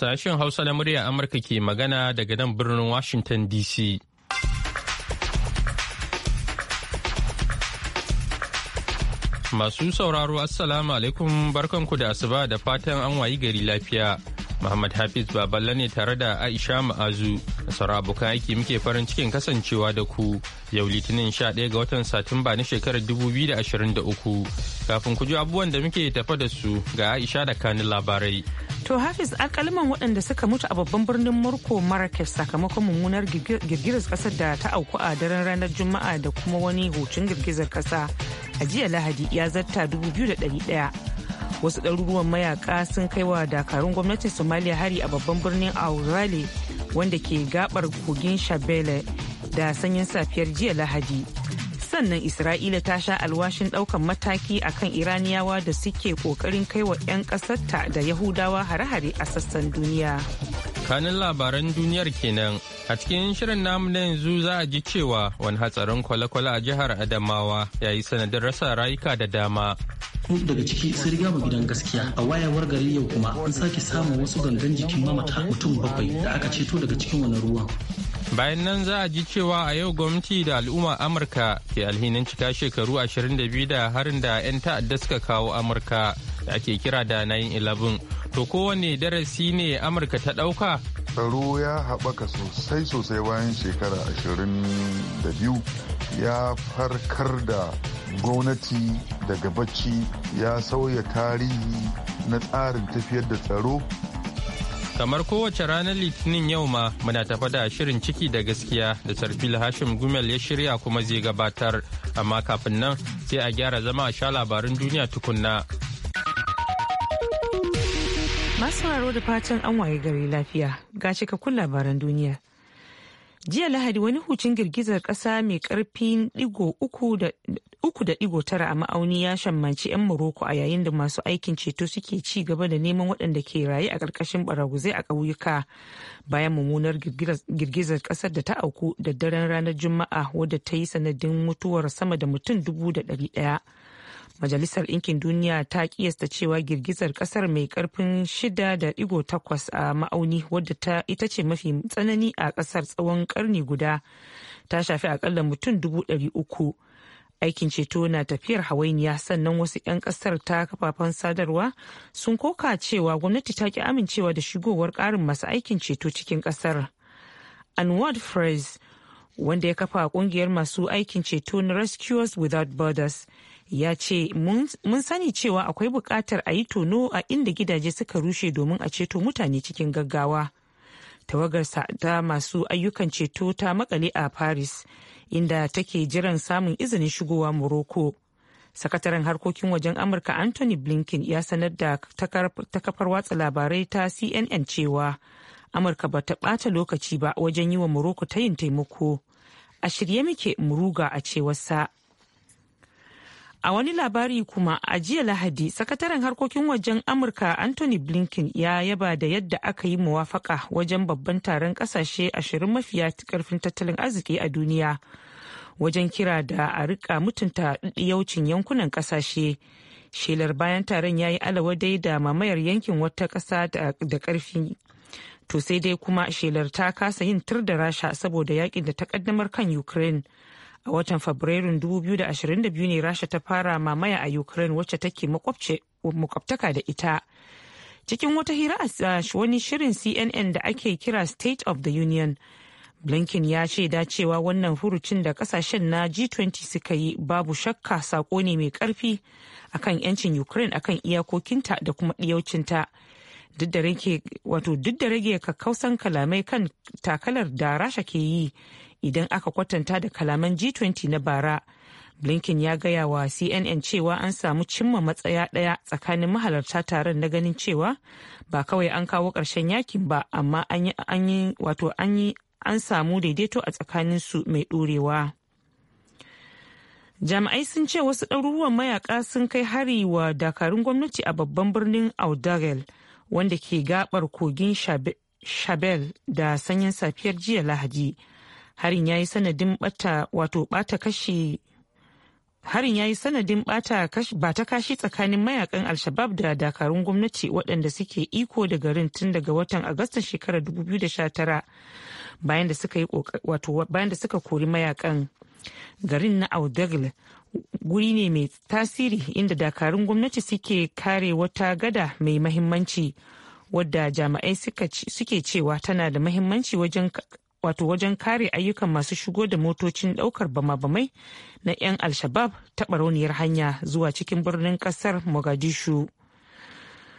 Sashen Hausa na murya Amurka ke magana daga nan birnin Washington DC. Masu sauraro Assalamu alaikum barkanku da asuba da fatan an wayi gari lafiya. Muhammad Hafiz Baballe ne tare da Aisha Ma'azu da sauran abokan aiki muke farin cikin kasancewa da ku yau Litinin 11 ga watan Satumba na shekarar 2023. Kafin ku ji abubuwan da muke tafa da su ga Aisha da kanin labarai. To Hafiz alkaliman waɗanda suka mutu a babban birnin Morocco Marrakesh sakamakon mummunar girgizar ƙasar da ta auku a daren ranar Juma'a da kuma wani hucin girgizar ƙasa a jiya Lahadi ya zarta 2,100. wasu ɗaruruwan mayaka sun kai wa dakarun gwamnatin somaliya hari a babban birnin aurale wanda ke gabar kogin shabele da sanyin safiyar jiya lahadi sannan isra'ila ta sha alwashin ɗaukan mataki akan iraniyawa da suke ƙoƙarin kai wa 'yan ƙasarta da yahudawa hare-hare a sassan duniya kanin labaran duniyar kenan a cikin shirin namu na yanzu za a ji cewa wani hatsarin kwale-kwale a jihar adamawa ya yi sanadin rasa rayuka da dama wasu daga ciki sun riga mu gidan gaskiya a wayewar gari yau kuma an sake samun wasu gangan jikin mamata mutum bakwai da aka ceto daga cikin wani ruwan bayan nan za a ji cewa a yau gwamnati da al'umma amurka ke alhinin cika shekaru 22 da harin da 'yan ta'adda suka kawo amurka da ake kira da 9-11 to kowane darasi ne amurka ta ɗauka tsaro ya haɓaka sosai sosai bayan shekara 22 ya farkar da gwamnati daga bacci ya sauya tarihi na tsarin tafiyar da tsaro kamar kowace ranar litinin yau ma muna tafa da shirin ciki da gaskiya da sarfil hashim gumel ya shirya kuma zai gabatar amma kafin nan sai a gyara zama a sha labarin duniya tukunna masu da fatan an waye gari lafiya ga cikakkun labaran duniya jiya lahadi wani hucin girgizar kasa mai karfin digo uku da digo tara a ma'auni ya shammanci 'yan Morocco a yayin da masu aikin ceto suke ci gaba da neman waɗanda ke raye a ƙarƙashin baraguzai a ƙauyuka bayan mummunar girgizar ƙasar da ta auku da daren ranar juma'a wadda ta yi sanadin mutuwar sama da mutum dubu da ɗari ɗaya majalisar ɗinkin duniya ta kiyasta cewa girgizar ƙasar mai ƙarfin 6.8 a ma'auni wadda ta ita ce mafi tsanani a ƙasar tsawon ƙarni guda ta shafi aƙalla mutum uku aikin ceto na tafiyar hawainiya sannan wasu 'yan kasar ta kafafen sadarwa sun koka cewa gwamnati ta ki amincewa da shigowar ƙarin masu aikin ceto cikin kasar anwar fraze wanda ya kafa ƙungiyar masu aikin ceto na rescuers without borders ya ce mun sani cewa akwai bukatar a yi tono a inda gidaje suka rushe domin a ceto mutane cikin gaggawa tawagarsa ta masu ayyukan ceto ta makale a paris inda take jiran samun izinin shigowa morocco sakataren harkokin wajen amurka anthony blinken ya sanar da takafar watsa labarai ta cnn cewa amurka ba ta bata lokaci ba wajen yi wa morocco yin taimako a shirye muke muruga a cewarsa A wani labari kuma a jiya Lahadi, sakataren harkokin wajen Amurka Anthony Blinken ya yaba da yadda aka yi muwafaka wajen babban taron kasashe ashirin mafiya karfin tattalin arziki a duniya. Wajen kira da a rika mutunta yaucin yankunan kasashe. Shelar bayan taron ya yi alawadai da mamayar yankin wata ƙasa da ƙarfi. To sai dai kuma shelar ta kasa yin tur da rasha saboda yakin da ta ƙaddamar kan Ukraine. a watan fabrairun 2022 ne rasha ta fara mamaya a ukraine wacce take makwabtaka da ita cikin wata hira a wani shirin cnn da ake kira state of the union blinken ya shaida cewa wannan furucin da kasashen na g20 suka yi babu shakka sako ne mai karfi akan yancin ukraine akan iyakokinta da kuma diyaucinta duk da rage kakkausan kalamai kan takalar da rasha ke yi idan aka kwatanta da kalaman G20 na bara. Blinken ya gaya wa CNN cewa an samu cimma matsaya ɗaya tsakanin mahalarta taron na ganin cewa ba kawai an kawo ƙarshen yakin ba amma an yi an samu daidaito a tsakanin su mai ɗorewa. Jami'ai sun ce wasu ɗaruruwan mayaka sun kai hari wa dakarun gwamnati a babban birnin audagel wanda ke gabar kogin Shabel da sanyin safiyar jiya Lahadi. harin ya yi sanadin bata wato bata kashi harin ya yi sanadin bata ba ta kashi tsakanin mayakan alshabab da dakarun gwamnati waɗanda suke iko da garin tun daga watan agustan shekarar 2019 bayan da suka kori mayakan garin na audagle guri ne mai tasiri inda dakarun gwamnati suke kare wata gada mai mahimmanci wadda jami'ai suke cewa tana da mahimmanci wajen wato wajen kare ayyukan masu shigo da motocin daukar bama-bamai na 'yan alshabab shabab ta hanya zuwa cikin birnin kasar mogadishu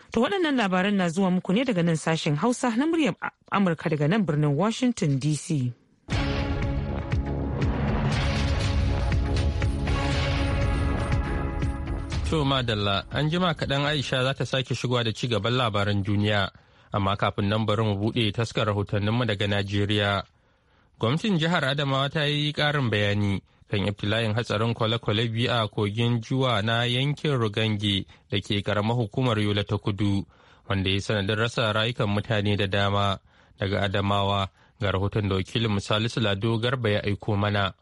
to waɗannan labaran na zuwa muku ne daga nan sashen hausa na muryar amurka daga nan birnin washington dc to madalla an jima kaɗan aisha za ta sake shigowa da ci gaban labaran duniya amma kafin nan bari mu buɗe taskar rahotanninmu daga Najeriya. Gwamnatin jihar Adamawa ta yi ƙarin bayani kan iftila'in hatsarin kwale-kwale biyu a kogin Juwa na yankin Rugange da ke ƙaramar hukumar Yola ta Kudu, wanda ya sanadin rasa rayukan mutane da dama daga Adamawa ga rahoton da wakilin Salisu Lado Garba ya aiko mana.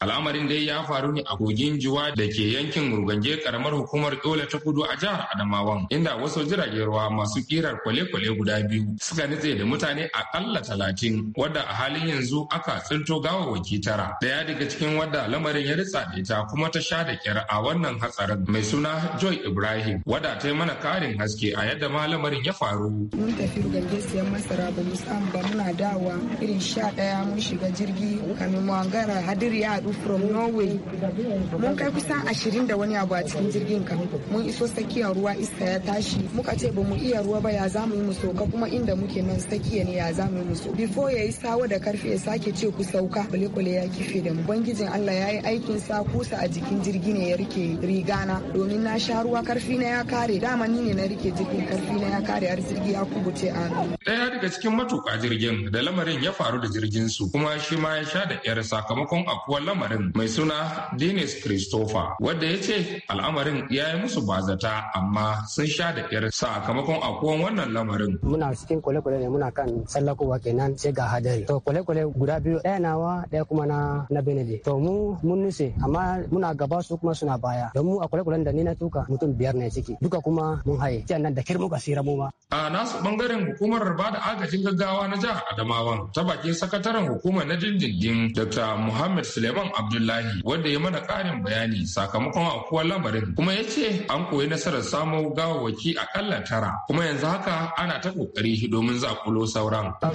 Al'amarin dai ya faru ne a kogin Juwa da ke yankin Rugange karamar hukumar Dole ta Kudu a jihar Adamawan, inda wasu jiragen ruwa masu kirar kwale-kwale guda biyu suka nutse da mutane a akalla talatin, wadda a halin yanzu aka tsinto gawawwaki tara. Daya daga cikin wadda lamarin ya ritsa da ita kuma ta sha da kyar a wannan hatsarin mai suna Joy Ibrahim, wadda ta yi mana karin haske a yadda ma lamarin ya faru. Mun tafi Rugange siyan masara ba mu ba muna dawa irin sha ɗaya mun shiga jirgi kamin mu from norway mun kai kusan ashirin da wani abu a cikin jirgin ka. mun iso tsakiyar ruwa iska ya tashi muka ce ba mu iya ruwa ba ya za mu yi mu sauka kuma inda muke nan tsakiya ne ya za mu yi mu sauka before ya yi sawa da karfe ya sake ce ku sauka kwale-kwale ya kife da mu bangijin allah ya yi aikin sa kusa a jikin jirgi ne ya rike rigana domin na sha ruwa karfi na ya kare dama ni ne na rike jirgin karfi na ya kare har jirgi ya kubuce a daya daga cikin matuƙa jirgin da lamarin ya faru da jirgin su kuma shi ma ya sha da yar sakamakon akuwar al'amarin mai suna Dennis Christopher wadda ya ce al'amarin ya yi musu bazata amma sun sha da ƙyar sakamakon akuwan wannan lamarin. Muna cikin kwale-kwale ne muna kan tsallakowa kenan sai ga hadari. To kwale-kwale guda biyu ɗaya nawa ɗaya kuma na na Benedict. To mu mun nuse amma muna gaba su kuma suna baya. Don mu a kwale-kwalen da ni na tuka mutum biyar ne ciki duka kuma mun haye. Tiyan nan da kirmu ka sira mu ma. A nasu ɓangaren hukumar ba da agajin gaggawa na jihar adamawa ta bakin sakataren hukumar na jinjin Dr. Muhammad Suleiman Abdullahi wanda ya mana ƙarin bayani sakamakon akuwar lamarin kuma ya ce an koyi nasarar samo a akalla tara kuma yanzu haka ana ta ƙoƙari domin kulo sauran. A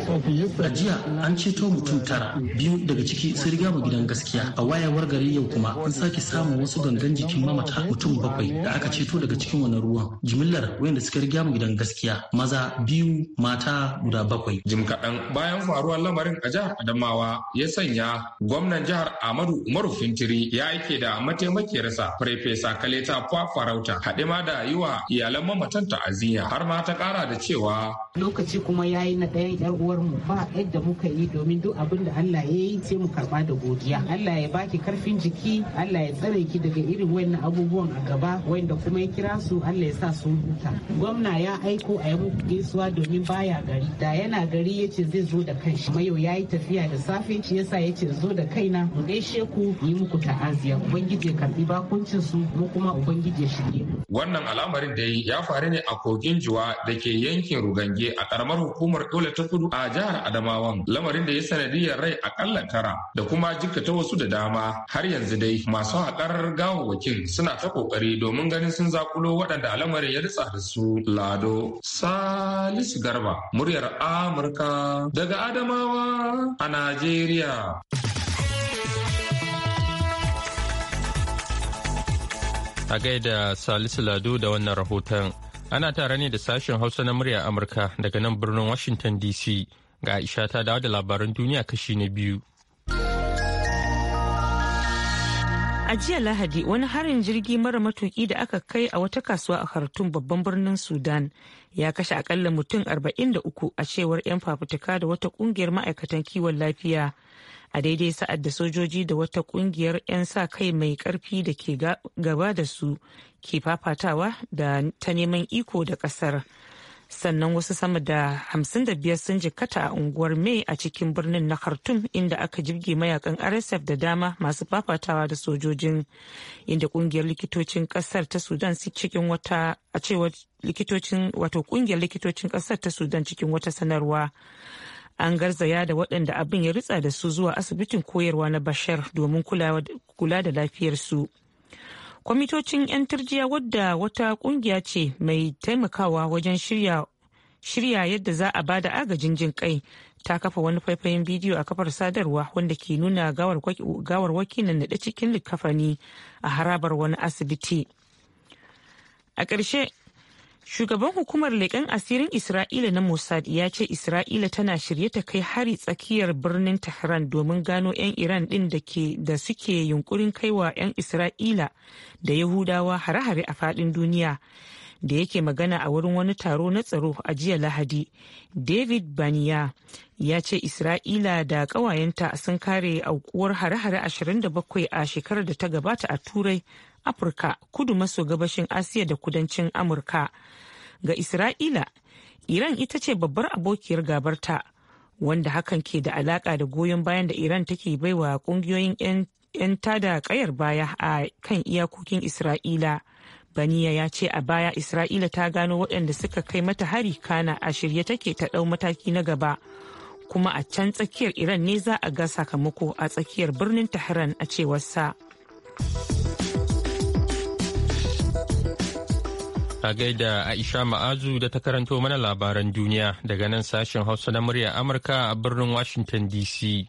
jiya an ceto mutum tara biyu daga ciki sun riga mu gidan gaskiya a wayewar gari yau kuma an sake samun wasu gangan jikin mamata mutum bakwai da aka ceto daga cikin wani ruwan jimillar wayanda suka riga mu gidan gaskiya maza biyu mata guda bakwai. Jim kaɗan bayan faruwar lamarin a jihar Adamawa ya sanya gwamnan jihar Amadu. Amadu Umaru Fintiri ya aike da mataimakiyarsa Farfesa Kaleta Kwa Farauta haɗe ma da yiwa iyalan mamatan ta'aziyya har ma ta ƙara da cewa. Lokaci kuma ya yi na ɗayan ‘yar uwarmu ba yadda muka yi domin duk abin da Allah ya yi sai mu karɓa da godiya. Allah ya baki karfin jiki, Allah ya tsare ki daga irin wannan abubuwan a gaba wanda kuma ya kira su Allah ya sa su huta. Gwamna ya aiko a yi muku gaisuwa domin baya gari. Da yana gari yace zai zo da kanshi. Mayo ya yi tafiya da safe shi yasa ya ce zo da kaina mu gaishe gaishe ku yi muku ta'aziya ubangiji ya karbi bakuncin su mu kuma ubangiji ya shige wannan al'amarin da ya faru ne a kogin juwa da ke yankin rugange a karamar hukumar dole ta kudu a jihar adamawan lamarin da ya sanadiyar rai akalla tara da kuma jikkata wasu da dama har yanzu dai masu haƙar gawawwakin suna ta kokari domin ganin sun zakulo waɗanda al'amarin ya ritsa da su lado salisu garba muryar amurka daga adamawa a najeriya A gaida Salisu Lado da wannan rahoton. Ana tare ne da sashen Hausa na murya Amurka daga nan birnin Washington DC ga Aisha ta dawo da labaran duniya kashi na biyu. A jiya Lahadi wani harin jirgi mara matuki da aka kai a wata kasuwa a Khartoum babban birnin Sudan ya kashe akalla mutum 43 a cewar 'yan fafutuka da wata kungiyar ma'aikatan kiwon lafiya. a daidai sa'ad da sojoji da wata kungiyar 'yan sa kai mai karfi da ke gaba da su ke fafatawa da ta neman iko da kasar sannan wasu sama da hamsin da biyar sun jikkata a unguwar mai a cikin birnin na khartum inda aka jirge mayakan rsf da dama masu fafatawa da sojojin inda kungiyar likitocin kasar ta sudan cikin wata a cewar likitocin wato kungiyar likitocin kasar ta sudan cikin wata sanarwa an garzaya da waɗanda abin ya ritsa da su zuwa asibitin koyarwa na bashar domin kula da lafiyarsu kwamitocin 'yan turjiya wadda wata kungiya ce mai taimakawa wajen shirya yadda za a bada agajin jin kai ta kafa wani faifayen bidiyo a kafar sadarwa wanda ke nuna gawarwaki na naɗe cikin likafani a harabar wani asibiti a ƙarshe Shugaban hukumar leƙen asirin Isra'ila na Mossad ya ce Isra'ila tana shirye ta kai hari tsakiyar birnin Tehran domin gano 'yan Iran ɗin da ke da suke yunkurin kaiwa 'yan Isra'ila da Yahudawa hare-hare a faɗin duniya. Da yake magana a wurin wani taro na tsaro a jiya Lahadi, David Baniya ya ce Isra'ila da kawayenta sun kare aukuwar hare-hare 27 a shekarar da ta gabata a Turai afirka kudu maso gabashin asiya da kudancin amurka ga isra'ila iran ita ce babbar abokiyar gabarta wanda hakan ke da alaka da goyon bayan da iran take baiwa kungiyoyin 'yan tada kayar baya a kan iyakokin isra'ila baniya ya ce a baya isra'ila ta gano waɗanda suka kai mata hari kana a shirye take ta ɗau mataki na gaba kuma a can tsakiyar iran ne za a ga sakamako a tsakiyar birnin tehran a cewar sa. A gaida Aisha Ma'azu da ta karanto mana labaran duniya daga nan sashen Hausa na murya Amurka a birnin Washington DC.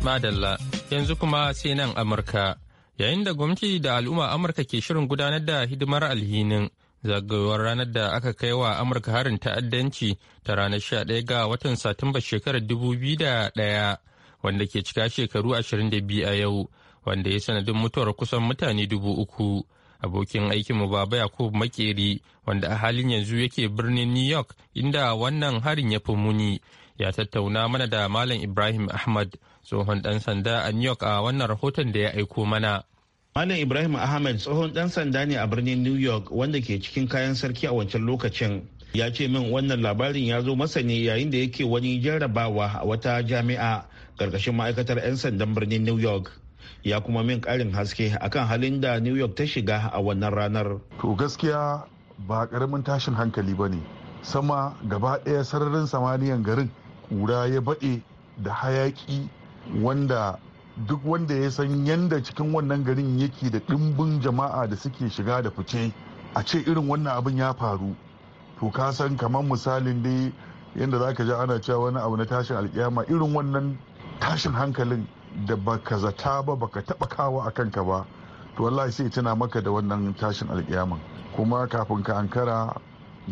Madalla, yanzu kuma sai nan Amurka. Yayin da gwamnati da al'umma Amurka ke shirin gudanar da hidimar alhinin zagayowar ranar da aka kai wa Amurka harin ta'addanci ta ranar 11 ga watan Satumba shekarar 2001. wanda ke cika shekaru 22 a yau wanda ya sanadin mutuwar kusan mutane dubu uku abokin aikinmu baba yakub makeri wanda a halin yanzu yake birnin new york inda wannan harin ya fi muni ya tattauna mana da malam ibrahim ahmad tsohon dan sanda a new york a wannan rahoton da ya aiko mana Malam Ibrahim Ahmed tsohon dan sanda ne a birnin New York wanda ke cikin kayan sarki a wancan lokacin. Ya ce min wannan labarin ya zo masa ne yayin da yake wani jarrabawa a wata jami'a karkashin ma'aikatar 'yan sandan birnin new york ya kuma min karin haske akan halin da new york ta shiga a wannan ranar to gaskiya ba karamin tashin hankali ba ne sama gaba ɗaya sararin samaniyan garin kura ya baɗe da hayaki wanda duk wanda ya san yadda cikin wannan garin yake da ɗimbin jama'a da suke shiga da fice a ce irin wannan abin ya faru to ka san kamar misalin dai yadda za ka ji ana cewa wani abu na tashin alkiyama irin wannan tashin hankalin da baka zata ba baka taba kawo a kanka ba to wallahi sai tana maka da wannan tashin alkiyaman kuma kafin ka ankara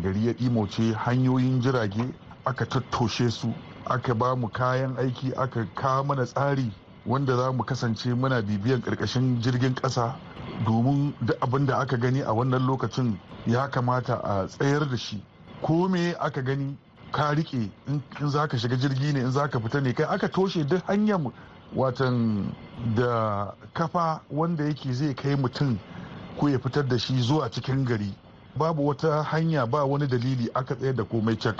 gari ya ɗimoce hanyoyin jirage aka tattoshe su aka ba mu kayan aiki aka kawo mana tsari wanda za mu kasance muna bibiyan ƙarƙashin jirgin ƙasa domin duk abin da aka gani a wannan lokacin ya kamata a tsayar da shi ko me aka gani ka rike in za ka shiga jirgi ne in za ka fita ne kai aka toshe duk hanyar watan da kafa wanda yake zai kai mutum ko ya fitar da shi zuwa cikin gari babu wata hanya ba wani dalili aka tsaye da komai cak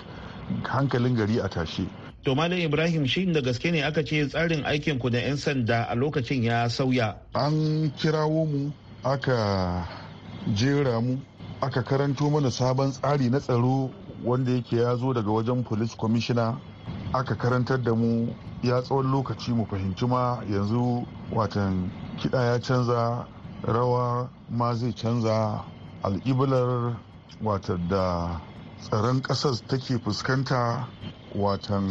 hankalin gari a tashe to malam ibrahim shi da gaske ne aka ce tsarin aikin ku da 'yan sanda a lokacin ya sauya an kirawo mu aka jera mu aka karanto mana sabon tsari na tsaro wanda yake ya zo daga wajen police commissioner aka karantar da mu ya tsawon lokaci mu fahimci ma yanzu watan kiɗa ya canza rawa ma zai canza al'iblar watan da tsaron ƙasar take fuskanta watan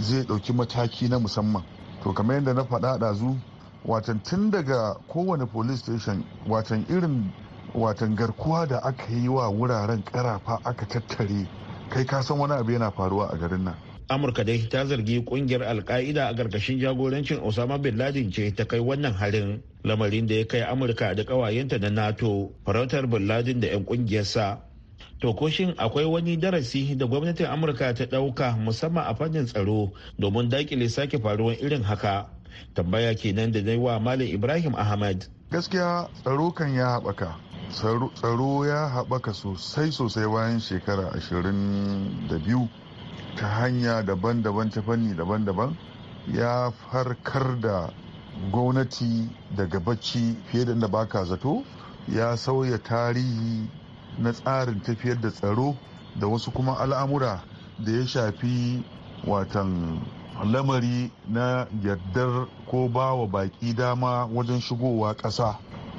zai ɗauki mataki na musamman to kamar yadda na faɗa ɗazu watan tun daga kowane police station watan irin watan garkuwa da aka yi wa wuraren karafa aka tattare kai ka san wani abu yana faruwa a garin nan amurka dai ta zargi kungiyar alka'ida a gargashin jagorancin osama bin laden ce ta kai wannan harin lamarin da ya kai amurka da kawayenta na nato farautar bin laden da 'yan kungiyarsa to shin akwai wani darasi da gwamnatin amurka ta ɗauka musamman a fannin tsaro domin dakile sake faruwan irin haka tambaya kenan da dai wa malam ibrahim ahmad gaskiya tsaro kan ya haɓaka tsaro ya haɓaka sosai sosai bayan shekara ashirin da biyu ta hanya daban-daban ta fanni daban-daban ya farkar da gwamnati daga bacci fiye da na baka zato ya sauya tarihi na tsarin tafiyar da tsaro da wasu kuma al'amura da ya shafi watan lamari na yardar ko ba wa baƙi dama wajen shigowa ƙasa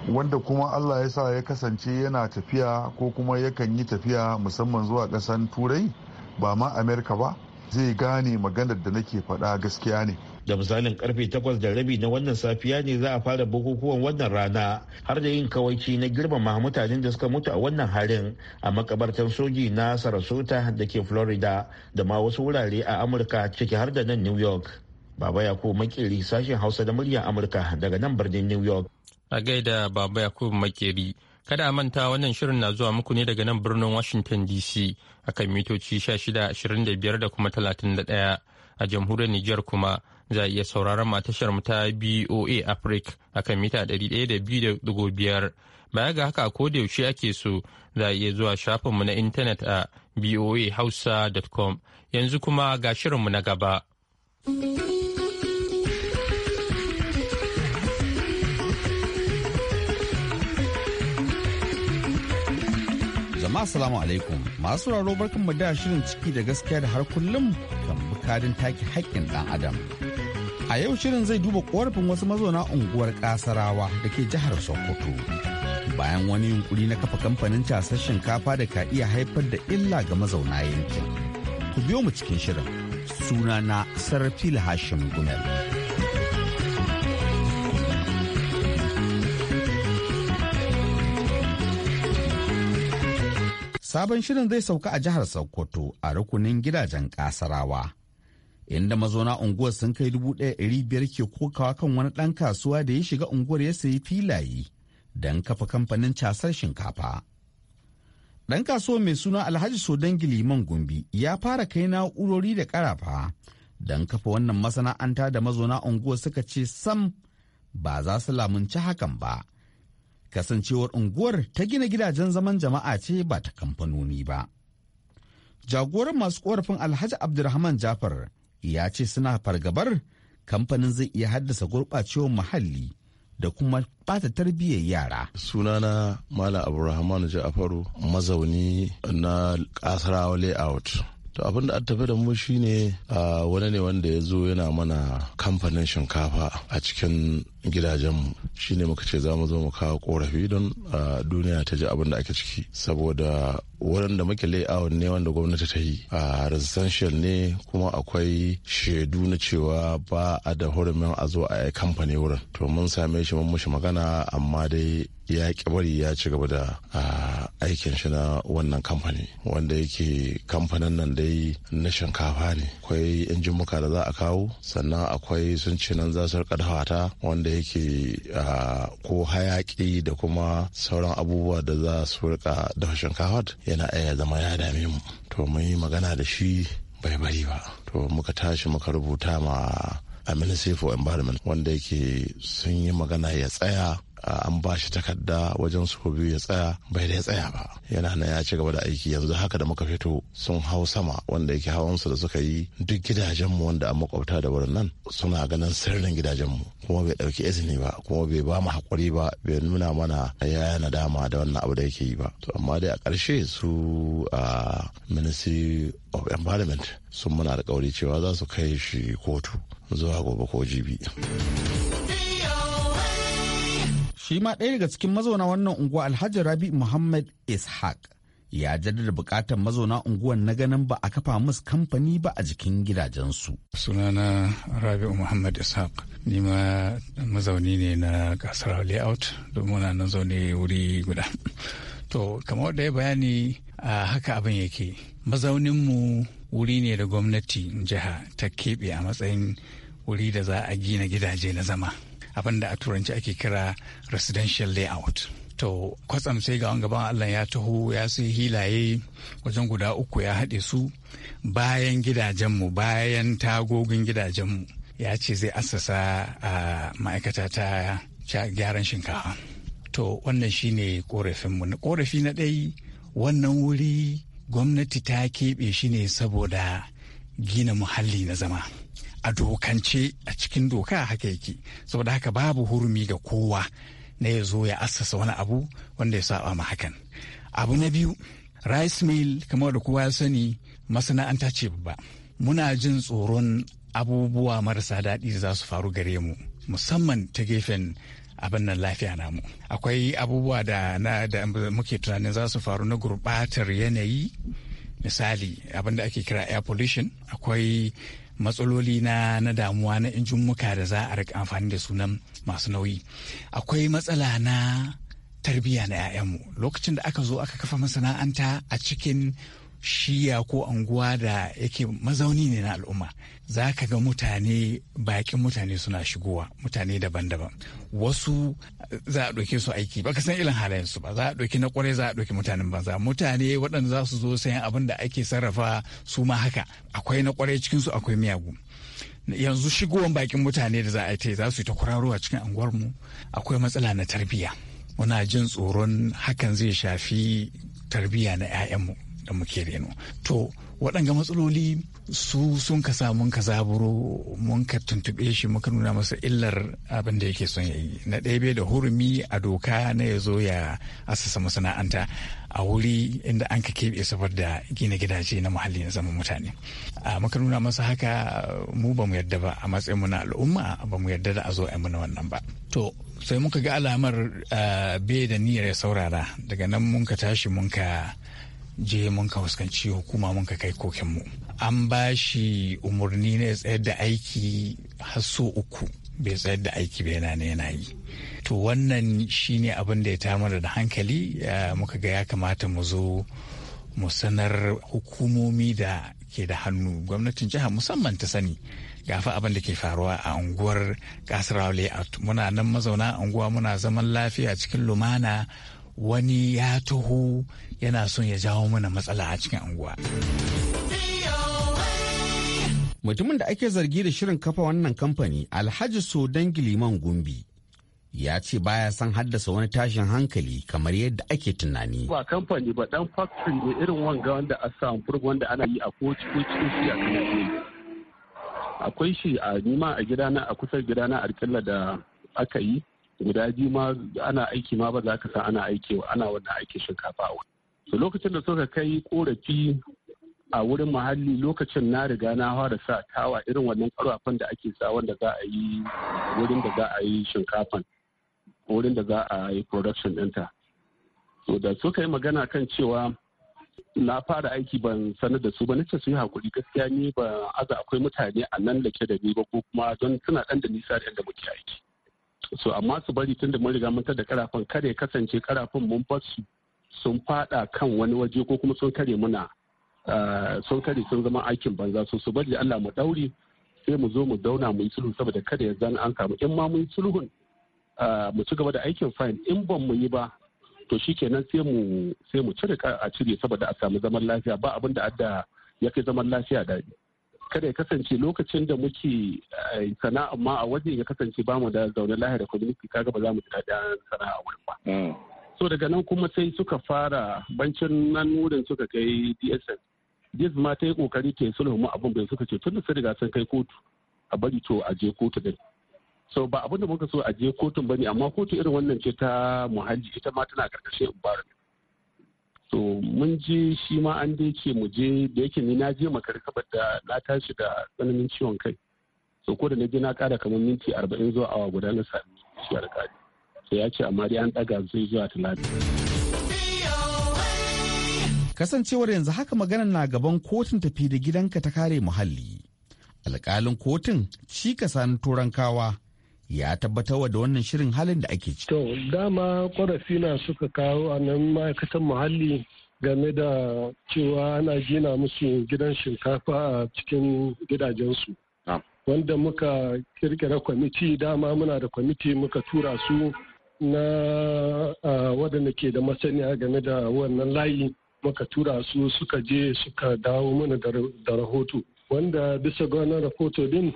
wanda kuma allah ya sa ya kasance yana tafiya ko kuma yakan yi tafiya musamman zuwa ƙasan turai ba ma amerika ba zai gane maganar da nake faɗa gaskiya ne da misalin karfe takwas da rabi na wannan safiya ne za a fara bukukuwan wannan rana har da yin kawaici na girmama mutanen da suka mutu a wannan harin a makabartan soji na sarasota da ke florida da ma wasu wurare a amurka ciki har da nan new york baba yakub makeri sashen hausa da muryar amurka daga nan birnin new york a gaida baba yakub makeri Kada a manta wannan shirin na zuwa muku ne daga nan birnin Washington DC a kan mitoci 1625 da kuma 31 a jamhuriyar Nijar kuma za a iya sauraron matashar mu ta BOA Africa a kan mita 102.5 baya ga haka ko da yaushe ake so za a iya zuwa shafinmu na intanet a boahausa.com yanzu kuma ga shirinmu na gaba. Jama'a salamu alaikum masu sauraro barkan mu da shirin ciki da gaskiya da har kullum kan bukadin take haƙƙin ɗan adam. A yau shirin zai duba ƙorafin wasu mazauna unguwar Kasarawa da ke jihar Sokoto. Bayan wani yunkuri na kafa kamfanin casar shinkafa da ka iya haifar da illa ga mazauna yankin. Ku biyo mu cikin shirin. Sunana Sarfil Hashim Gumel. Sabon shirin zai sauka a jihar Sokoto a rukunin gidajen kasarawa. Inda mazauna unguwar sun kai dubu ɗaya biyar ke kokawa kan wani ɗan kasuwa da ya shiga unguwar ya sayi filaye don kafa kamfanin casar shinkafa. Ɗan kasuwa mai suna Alhaji sodan giliman Gumbi ya fara kai na'urori da ƙarafa don kafa wannan masana'anta da mazauna unguwar suka ce sam ba za su lamunci hakan ba. kasancewar unguwar ta gina gidajen zaman jama'a ce ba ta kamfanoni ba. Jagoran masu korafin Alhaji Abdulrahman Jafar ya ce suna fargabar kamfanin zai iya haddasa gurɓacewar muhalli da kuma bata tarbiyyar yara. Sunana Malam Abdulrahman Jafaru mazauni na Kasarawa layout. To abin da an tafi da mu shine ah, wani ne wanda ya zo yana mana kamfanin shinkafa a cikin gidajenmu shi ne muka ce za mu zo mu kawo korafi don a duniya ta ji abin da ake ciki saboda da muke layout ne wanda gwamnati ta yi a residential ne kuma akwai shaidu na cewa ba a da hurumin a zo a yi kamfani wurin to mun same shi mun mushi magana amma dai ya ki bari ya ci gaba da aikin shi na wannan kamfani wanda yake kamfanin nan dai na shinkafa ne akwai injin muka da za a kawo sannan akwai sun ce nan za su rika wanda yake a ko hayaki da kuma sauran abubuwa da za su rika dafa shinkafa yana iya zama ya dame mu to mun yi magana da shi bai bari ba to muka tashi muka rubuta ma a ministry for environment wanda yake sun yi magana ya tsaya an ba shi takarda wajen su ko biyu ya tsaya bai da ya tsaya ba yana nan ya ci gaba da aiki yanzu haka da muka fito sun hau sama wanda yake su da suka yi duk gidajenmu wanda an makwabta da wurin nan suna ganin sirrin gidajenmu kuma bai ɗauki izini ba kuma bai ba mu haƙuri ba bai nuna mana ya dama da wannan abu da yake yi ba to amma dai a ƙarshe su a ministry of environment sun muna da cewa za su kai shi kotu zuwa gobe ko jibi. Shi ma ɗaya daga cikin mazauna wannan unguwa Alhaji Rabi Muhammad Ishaq ya jaddada buƙatar mazauna unguwan na ganin ba a kafa musu kamfani ba a jikin gidajensu. Sunana Rabi'u Muhammad Ishaq ni ma mazauni ne na kasar layout domin na zaune wuri guda. To, kamar da ya bayani a haka abin yake. Mazauninmu wuri ne da gwamnati jiha ta keɓe a matsayin wuri da za a gina gidaje na zama. abin da a turanci ake kira residential layout to kwatsam sai ga gaban allah ya taho ya sai hilaye wajen guda uku ya haɗe su bayan gidajenmu bayan tagogin gidajenmu ya ce zai assasa a ma'aikata ta gyaran shinkafa to wannan shine korafinmu na korafi na ɗai wannan wuri gwamnati ta keɓe shi ne saboda gina muhalli na zama a dokance a cikin doka haka yake saboda haka babu hurumi ga kowa na ya zo ya assasa wani abu wanda ya saba ma hakan abu na biyu rice mill kamar da kowa ya sani masana'anta ce babba muna jin tsoron abubuwa marasa daɗi za su faru gare mu musamman ta gefen abin nan lafiya namu akwai abubuwa da na da muke tunanin za su faru na gurbatar yanayi misali abin da ake kira air pollution akwai matsaloli na na damuwa na injin muka da za a rika amfani da sunan masu nauyi akwai matsala na tarbiyya na 'ya'yanmu lokacin da aka zo aka kafa masana'anta a cikin shiya ko anguwa da yake mazauni ne na al'umma za ka ga mutane bakin mutane suna shigowa mutane daban-daban wasu eh, za a ɗauke su aiki baka san san irin su ba za a ɗauki na ƙwarai za a ɗauki mutanen banza mutane waɗanda za su zo sayan abin da ake sarrafa su ma haka akwai na kwarai cikinsu akwai miyagu yanzu shigowan bakin mutane da za a yi za su yi ta kurarowa cikin mu akwai matsala na tarbiyya muna jin tsoron hakan zai shafi tarbiyya na 'ya'yanmu da muke reno to waɗanga matsaloli su sun ka sa mun ka zaburo mun ka tuntuɓe shi muka nuna masa illar abin da yake son yayi na ɗaya bai da hurumi a doka na ya zo ya asasa masana'anta a wuri inda an ka keɓe saboda gina gidaje na muhalli na zama mutane a muka nuna masa haka mu ba mu yarda ba a matsayin mu na al'umma ba mu yarda da a zo a mana wannan ba to sai muka ga alamar bai da niyyar ya saurara daga nan mun ka tashi mun ka je mun ka fuskanci hukuma mun ka kai mu. an ba shi umarni na tsayar da aiki har so uku bai tsayar da aiki ba yana yana yi to wannan shine abin da ya tamar da hankali muka ga ya kamata mu zo mu sanar hukumomi da ke da hannu gwamnatin jihar musamman ta sani gafa abin da ke faruwa a unguwar kasarawa layout muna nan mazauna unguwa muna zaman lafiya cikin lumana wani ya tuhu yana son ya jawo mana matsala a cikin unguwa. Mutumin da ake zargi da shirin kafa wannan kamfani Alhaji Sodan Giliman Gumbi ya ce baya san haddasa wani tashin hankali kamar yadda ake tunani. Ba kamfani ba dan factory ne irin wanga wanda a samu wanda ana yi a koci ko cikin shi a kan Akwai shi a nima a gidana a kusa gidana a da aka yi guda biyu ma ana aiki ma ba za ka san ana aiki ana wannan aikin shinkafa a wani so lokacin da suka kai korafi a wurin muhalli lokacin na riga na fara sa tawa irin wannan karafan da ake sa wanda za a yi wurin da za a yi shinkafan wurin da za a yi production ɗinta so da suka yi magana kan cewa na fara aiki ban sanar da su ba nace su yi hakuri gaskiya ni ba aza akwai mutane a nan da ke da ni ba ko kuma don suna ɗan da nisa da muke aiki so amma su bari tun da mun riga mun da karafin kare kasance karafin mun bar su sun fada kan wani waje ko kuma sun kare muna eh, sun kare sun zama aikin banza so su bari Allah mu daure sai mu zo mu dauna mu yi sulhu saboda kada ya zan an kamu in ma mun sulhun eh, mu ci gaba da aikin fine in ban mu yi ba to shikenan sai mu sai mu cire a cire saboda a samu zaman lafiya ba abin da adda ya kai zaman lafiya daɗi. kada ya kasance lokacin da muke eh, sana'a ma a waje ya kasance ba mu da zaune lahiya da community kaga ba za mu ji daɗin sana'a wurin ba. Mm. So daga nan kuma sai suka fara bancin nan wurin suka kai DSS. Dis ma ta yi kokari ke sulhu mu abin bai suka ce tun da sun riga sun kai kotu a bari to a je kotu din. So ba abin da muka so a je kotun bane amma kotu irin wannan ce ta muhalli ita ma tana karkashin environment. to mun je shi ma an da yake mu je da yake ni na je makar da na tashi da tsananin ciwon kai so ko da na je na kara kamar minti arba'in zuwa awa guda na sami ciwon kai to ya ce amma dai an daga zai zuwa talata kasancewar yanzu haka maganar na gaban kotun tafi da gidanka ta kare muhalli alkalin kotun cika sani turankawa ya tabbatar da wannan shirin halin da ake ciki. To dama ƙorafi na suka kawo a nan ma'aikatan muhalli game da cewa ana gina musu gidan shinkafa a cikin gidajensu. Wanda muka kirkira kwamiti dama muna da kwamiti muka tura su na waɗanda ke da masaniya game da wannan layi muka tura su suka je suka dawo mana da rahoto. Wanda bisa ga wannan rahoto din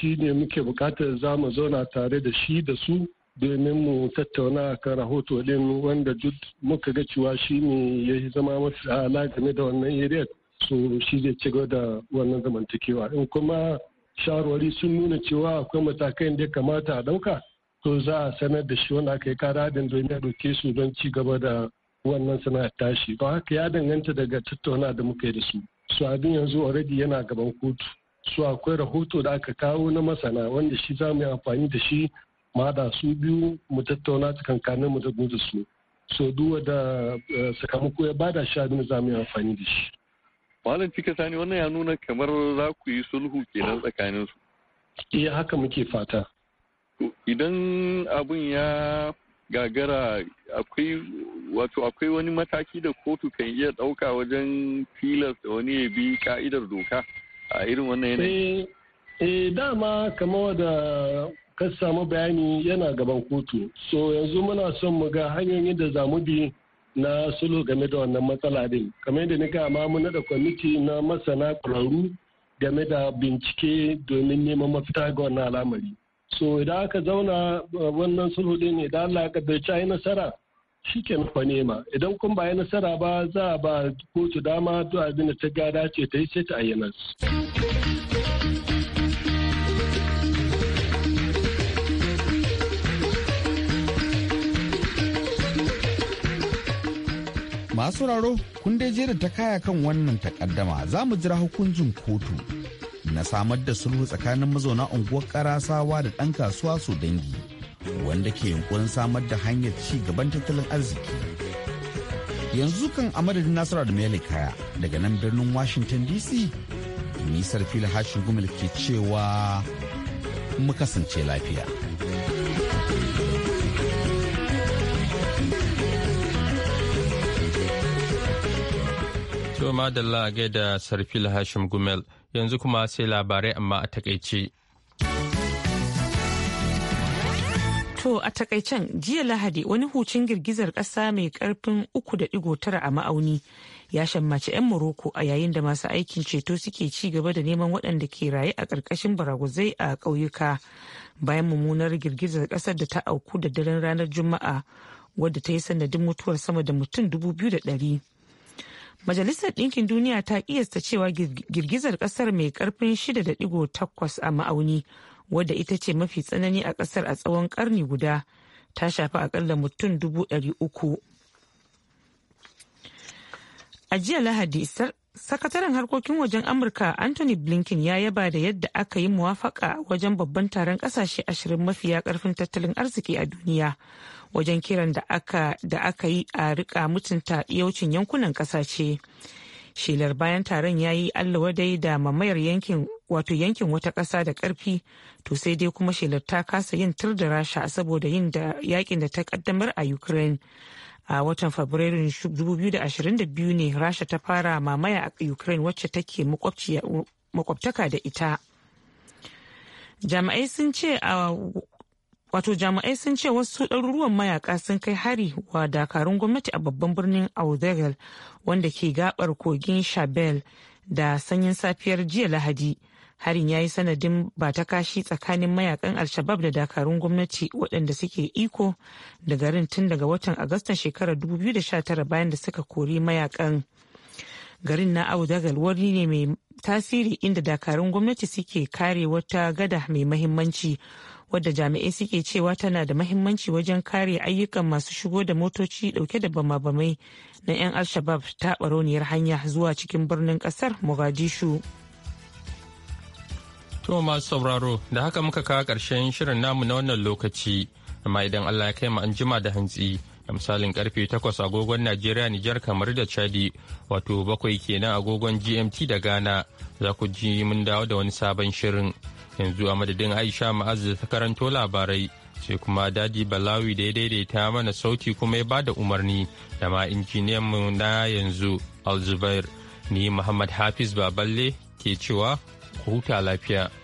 shi ne muke bukatar za mu zauna tare da shi da su domin mu tattauna kan rahoto din wanda duk muka ga cewa shi ne ya zama mafi ala game da wannan area so shi zai ci da wannan zamantakewa in kuma shawarwari sun nuna cewa akwai matakai da ya kamata a ɗauka to za a sanar da shi wanda aka yi kara din don ya ɗauke su don ci gaba da wannan sana'ar tashi don haka ya danganta daga tattauna da muka yi da su su abin yanzu already yana gaban kotu su akwai rahoto da aka kawo na masana wanda shi za mu yi amfani da shi ma da su biyu mu tattauna tsakankanin mu da su so duwa da eh, sakamako ya bada shi abin za mu yi amfani da shi malam cika sani wannan ya nuna kamar za ku yi sulhu kenan tsakanin su iya eh, haka muke fata idan abin ya gagara akwai wato akwai wani mataki da kotu kan iya ɗauka wajen tilas da wani ya bi ka'idar doka a irin wannan yanayi eh, eh dama kamar da ka samu bayani yana gaban kotu so yanzu muna son mu ga hanyoyin da zamu bi na sulhu game da wannan matsala din kamar yadda nika ma mun da kwamiti na masana ƙwararru game da bincike domin neman mafita ga wannan al'amari so idan aka zauna eh, wannan sulhu din idan Allah ya kaddarci yi nasara shi ke nufa nema idan kun ba nasara ba za a ba kotu dama duk abin da ta gada ce ta yi sai ta ayyana masu raro kun dai jera ta kaya kan wannan takaddama za mu jira hukuncin kotu na samar da sulhu tsakanin mazauna unguwar karasawa da ɗan kasuwa su dangi wanda ke yunkurin samar da hanyar ci gaban tattalin arziki. Yanzu kan a madadin Nasiru da Mele daga nan birnin Washington DC, nisar fili hashin gumil ke cewa mu kasance lafiya. da madalla da sarfi Hashim Gumel yanzu kuma sai labarai amma a takaice. To a takaicen jiya Lahadi wani hucin girgizar kasa mai karfin 3.9 a ma'auni ya shammaci 'yan Morocco a yayin da masu aikin ceto suke ci gaba da neman waɗanda ke raye a ƙarƙashin baraguzai a ƙauyuka bayan mummunar girgizar ƙasar da ta auku da daren ranar Juma'a wadda ta yi sanadin mutuwar sama da mutum ɗari Majalisar Ɗinkin Duniya ta kiyasta cewa girgizar ƙasar mai ƙarfin 6.8 a ma'auni wadda ita ce mafi tsanani a kasar a tsawon karni guda ta shafi akalla mutum dubu ɗari uku. A jiya Lahadi, sakataren harkokin wajen Amurka Anthony Blinken ya yaba da yadda aka yi muwafaka wajen babban taron ƙasashe ashirin mafiya ƙarfin tattalin arziki a duniya wajen kiran da aka yi a rika mutunta yaucin yankunan ƙasashe. shelar bayan taron ya yi allawa da mamayar yankin wato yankin wata ƙasa da ƙarfi to sai dai kuma shelar ta kasa yin tur da rasha saboda yin da yakin da ta kaddamar a ukraine a watan fabrairun 2022 ne rasha ta fara mamaya a ukraine wacce take makwabtaka da ita jami'ai sun ce a wato jami'ai sun ce wasu ɗaruruwan mayaka sun kai hari wa dakarun gwamnati a babban birnin audegal wanda ke gabar kogin shabel da sanyin safiyar jiya lahadi harin ya yi sanadin ba ta kashi tsakanin mayakan alshabab da dakarun gwamnati waɗanda suke iko da garin tun daga watan agustan shekarar 2019 bayan da suka kori mayakan garin na audagal wani ne mai tasiri inda dakarun gwamnati suke kare wata gada mai mahimmanci wadda jami'ai suke cewa tana da mahimmanci wajen kare ayyukan masu shigo da motoci dauke da bama-bamai na 'yan al-shabab ta barauniyar hanya zuwa cikin birnin kasar mogadishu to masu sauraro da haka muka kawo karshen shirin namu na wannan lokaci amma idan allah ya kai mu an jima da hantsi da misalin karfe 8 agogon najeriya nijar kamar da chadi wato bakwai kenan agogon gmt da ghana za ku ji mun dawo da wani sabon shirin yanzu a madadin aisha ma'azu ta karanto labarai sai kuma daji balawi da ya daidaita mana sauti kuma ya bada umarni da ma injiniyan mu na yanzu alzubair ni muhammad hafiz baballe ke cewa ku huta lafiya